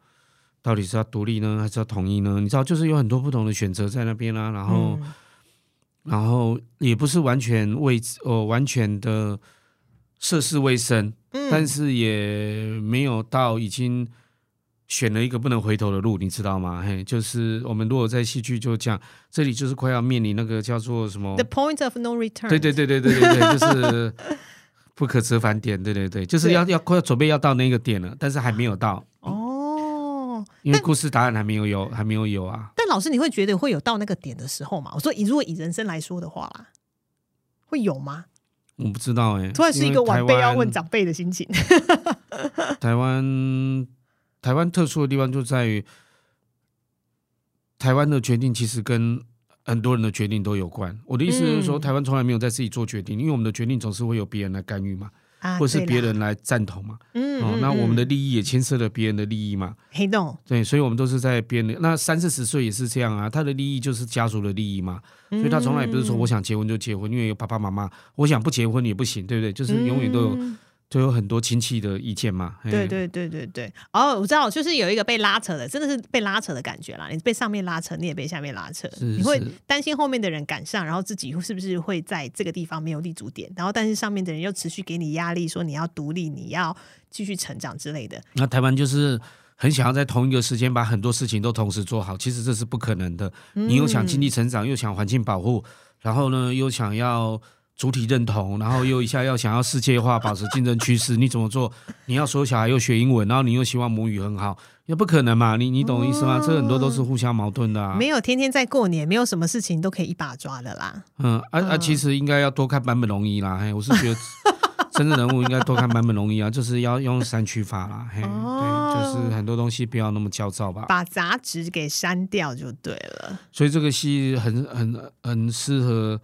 到底是要獨立呢，還是要統一呢？你知道，就是有很多不同的選擇在那邊啦、啊。然後，嗯、然後也不是完全未哦、呃、完全的涉世未深，嗯、但是也沒有到已經。選了一個不能回頭的路，你知道嗎？嘿，就是我們如果在戲劇就講，這裡就是快要面臨那個叫做什麼？The point of no return。對對對對對對對，就是不可折返點。對對對，就是要對要快要準備要到那個點了，但是還沒有到、啊、哦。哦因為故事答案還沒有有但還沒有有啊。但老師，你會覺得會有到那個點的時候嗎？我說，如果以人生來說的話，會有嗎？我不知道哎、欸。突然是一個晚輩要問長輩的心情。台灣。 [LAUGHS] 台灣台灣特殊的地方就在於，台灣的決定其實跟很多人的決定都有關。我的意思是說，台灣從來沒有在自己做決定，因為我們的決定總是會有別人來干預嘛，或是別人來贊同嘛、哦。啊、嗯，嗯，嗯、那我們的利益也牽涉了別人的利益嘛。黑洞。對，所以我們都是在別人的。那三四十歲也是這樣啊，他的利益就是家族的利益嘛，所以他從來也不是說我想結婚就結婚，因為有爸爸媽媽，我想不結婚也不行，對不對？就是永遠都有。就有很多親戚的意見嘛。欸、對對對對對。哦，我知道，就是有一個被拉扯的，真的是被拉扯的感覺啦。你被上面拉扯，你也被下面拉扯。是是。你會擔心後面的人趕上，然後自己是不是會在這個地方沒有立足點？然後，但是上面的人又持續給你壓力，說你要獨立，你要繼續成長之類的。那台灣就是很想要在同一個時間把很多事情都同時做好，其實這是不可能的。你又想經濟成長，嗯嗯。又想環境保護，然後呢，又想要。主體認同，然後又一下要想要世界化，保持競爭趨勢， [LAUGHS] 你怎麼做？你要說小孩又學英文，然後你又希望母語很好，也不可能嘛，你你懂我意思嗎？哦、這很多都是互相矛盾的啊。沒有天天在過年，沒有什麼事情都可以一把抓的啦。嗯，啊、哦、啊，其實應該要多看坂本龍一啦嘿。我是覺得真正人物應該多看坂本龍一啊， [LAUGHS] 就是要用刪去法啦。嘿哦對，就是很多東西不要那麼焦躁吧，把雜質給刪掉就對了。所以這個戲很很很適合。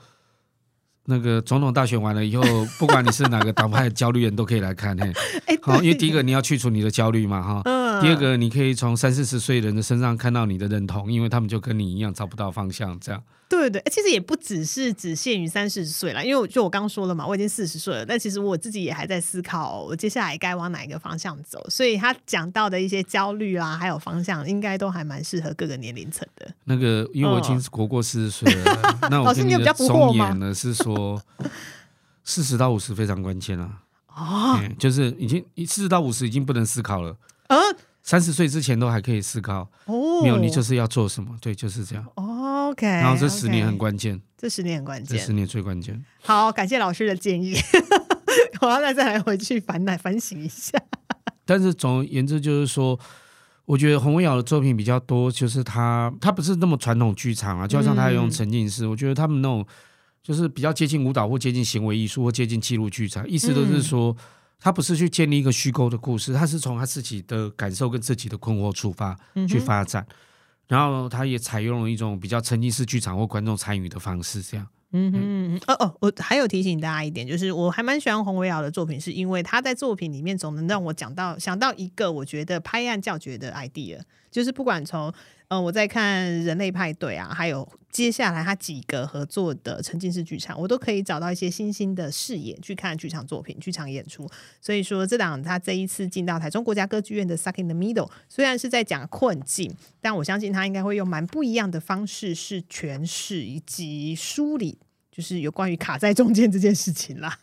那個總統大選完了以後，不管你是哪個黨派的焦慮人都可以來看 [LAUGHS] 嘿。好，因為第一個你要去除你的焦慮嘛，哈。第二個，你可以從三四十歲人的身上看到你的認同，因為他們就跟你一樣找不到方向，這樣。對對、對、欸，其實也不只是只限於三四十歲啦，因為就我剛、剛說了嘛，我已經四十歲了，但其實我自己也還在思考，我接下來該往哪一個方向走。所以他講到的一些焦慮啊，還有方向，應該都還蠻適合各個年齡層的。那個，因為我已經過過四十歲了，嗯、 [LAUGHS] 老師那我覺得鬆眼呢是說四十 [LAUGHS] 到五十非常關鍵啊。啊、嗯，就是已經四十到五十已經不能思考了，嗯。三十歲之前都還可以思考哦，沒有你就是要做什麼，對，就是這樣。哦、OK，然後這十年很關鍵，這十年很關鍵，這十年最關鍵。好，感謝老師的建議， [LAUGHS] 我要再再來回去反來反省一下。但是總而言之，就是說，我覺得洪唯堯的作品比較多，就是他他不是那麼傳統劇場啊，就像他用沉浸式，嗯、我覺得他們那種就是比較接近舞蹈或接近行為藝術或接近紀錄劇場，意思都是說。嗯他不是去建立一個虛構的故事，他是從他自己的感受跟自己的困惑出發去發展，嗯、哼然後他也採用了一種比較沉浸式劇場或觀眾參與的方式，這樣。嗯哼嗯哼嗯。哦哦，我還有提醒大家一點，就是我還蠻喜歡洪唯堯的作品，是因為他在作品裡面總能讓我講到想到一個我覺得拍案叫絕的 idea，就是不管從。嗯、呃，我在看《人類派對》啊，還有接下來他幾個合作的沉浸式劇場，我都可以找到一些新興的視野去看劇場作品、劇場演出。所以說，這檔他這一次進到台中國家歌劇院的《Sucks in the Middle》，雖然是在講困境，但我相信他應該會用蠻不一樣的方式，是詮釋以及梳理，就是有關於卡在中間這件事情啦。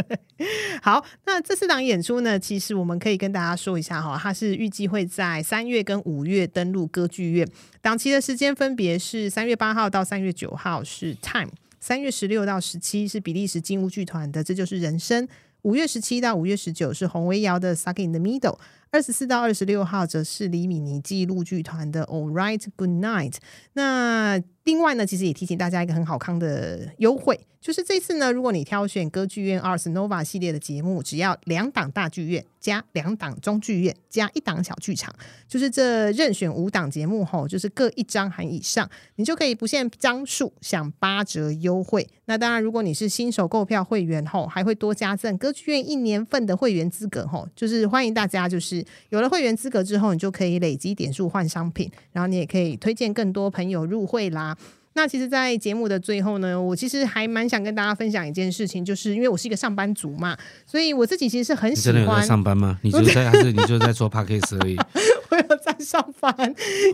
[LAUGHS] 好，那這四檔演出呢，其實我們可以跟大家說一下哈，它是預計會在三月跟五月登陸歌劇院，檔期的時間分別是三月八號到三月九號是 Time，三月十六到十七是比利時靜物劇團的，這就是人生；五月十七到五月十九是洪唯堯的《Sucks in the Middle》。二十四到二十六號則是里米尼紀錄劇團的 All right. Good night.。那另外呢，其實也提醒大家一個很好康的優惠，就是這次呢，如果你挑選歌劇院 Arts NOVA 系列的節目，只要兩檔大劇院加兩檔中劇院加一檔小劇場，就是這任選五檔節目吼，就是各一張含以上，你就可以不限張數享八折優惠。那當然，如果你是新手購票會員吼，還會多加贈歌劇院一年份的會員資格。吼，就是歡迎大家就是。有了會員資格之後，你就可以累積點數換商品，然後你也可以推薦更多朋友入會啦。那其實，在節目的最後呢，我其實還蠻想跟大家分享一件事情，就是因為我是一個上班族嘛，所以我自己其實是很喜歡你真的有在上班嗎？你就在 [LAUGHS] 還是你就在做 podcast 而已 [LAUGHS] 我有在上班，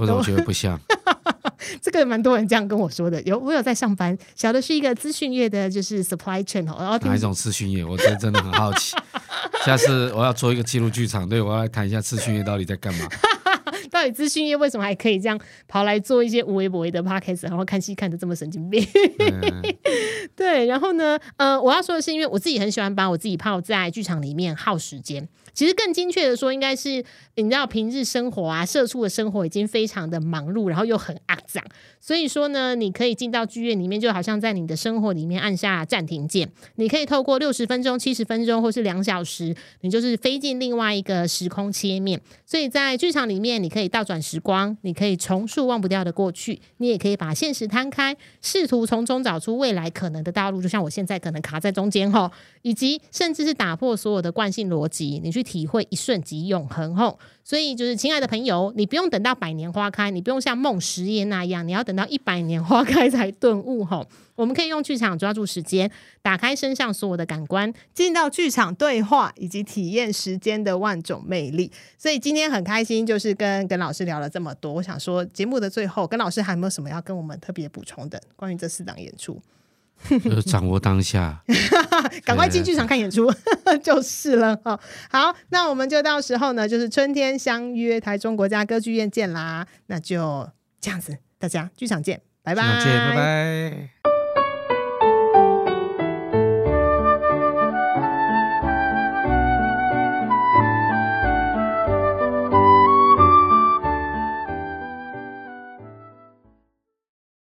我怎覺得不像， [LAUGHS] 這個蠻多人這樣跟我說的。有我有在上班，小的是一個資訊業的，就是 supply channel 然後哪一種資訊業？我真的真的很好奇， [LAUGHS] 下次我要做一個紀錄劇場，對，我要來談一下資訊業到底在幹嘛。 [LAUGHS] 到底資訊業為什麼還可以這樣跑來做一些無微不為的 podcast 然後看戲看得這麼神經病？ [LAUGHS] 對，然後呢，呃，我要說的是，因為我自己很喜歡把我自己泡在劇場裡面耗時間。其實更精確的說，應該是你知道，平日生活啊，社畜的生活已經非常的忙碌，然後又很骯髒，所以說呢，你可以進到劇院裡面，就好像在你的生活裡面按下暫停鍵，你可以透過六十分鐘、七十分鐘或是兩小時，你就是飛進另外一個時空切面。所以在劇場裡面，你可以。可以倒轉時光，你可以重塑忘不掉的過去，你也可以把現實攤開，試圖從中找出未來可能的道路。就像我現在可能卡在中間吼，以及甚至是打破所有的慣性邏輯，你去體會一瞬即永恆吼。所以，就是親愛的朋友，你不用等到百年花開，你不用像夢十夜那樣，你要等到一百年花開才頓悟吼。我們可以用劇場抓住時間，打開身上所有的感官，進到劇場對話，以及體驗時間的萬種魅力。所以今天很開心，就是跟跟老師聊了這麼多。我想說，節目的最後，跟老師還有沒有什麼要跟我們特別補充的？關於這四檔演出，掌握當下， [LAUGHS] [LAUGHS] 趕快進劇場看演出對 [LAUGHS] 就是了哦，好，那我們就到時候呢，就是春天相約台中國家歌劇院見啦！那就這樣子，大家劇場見，劇場見，拜拜，拜拜。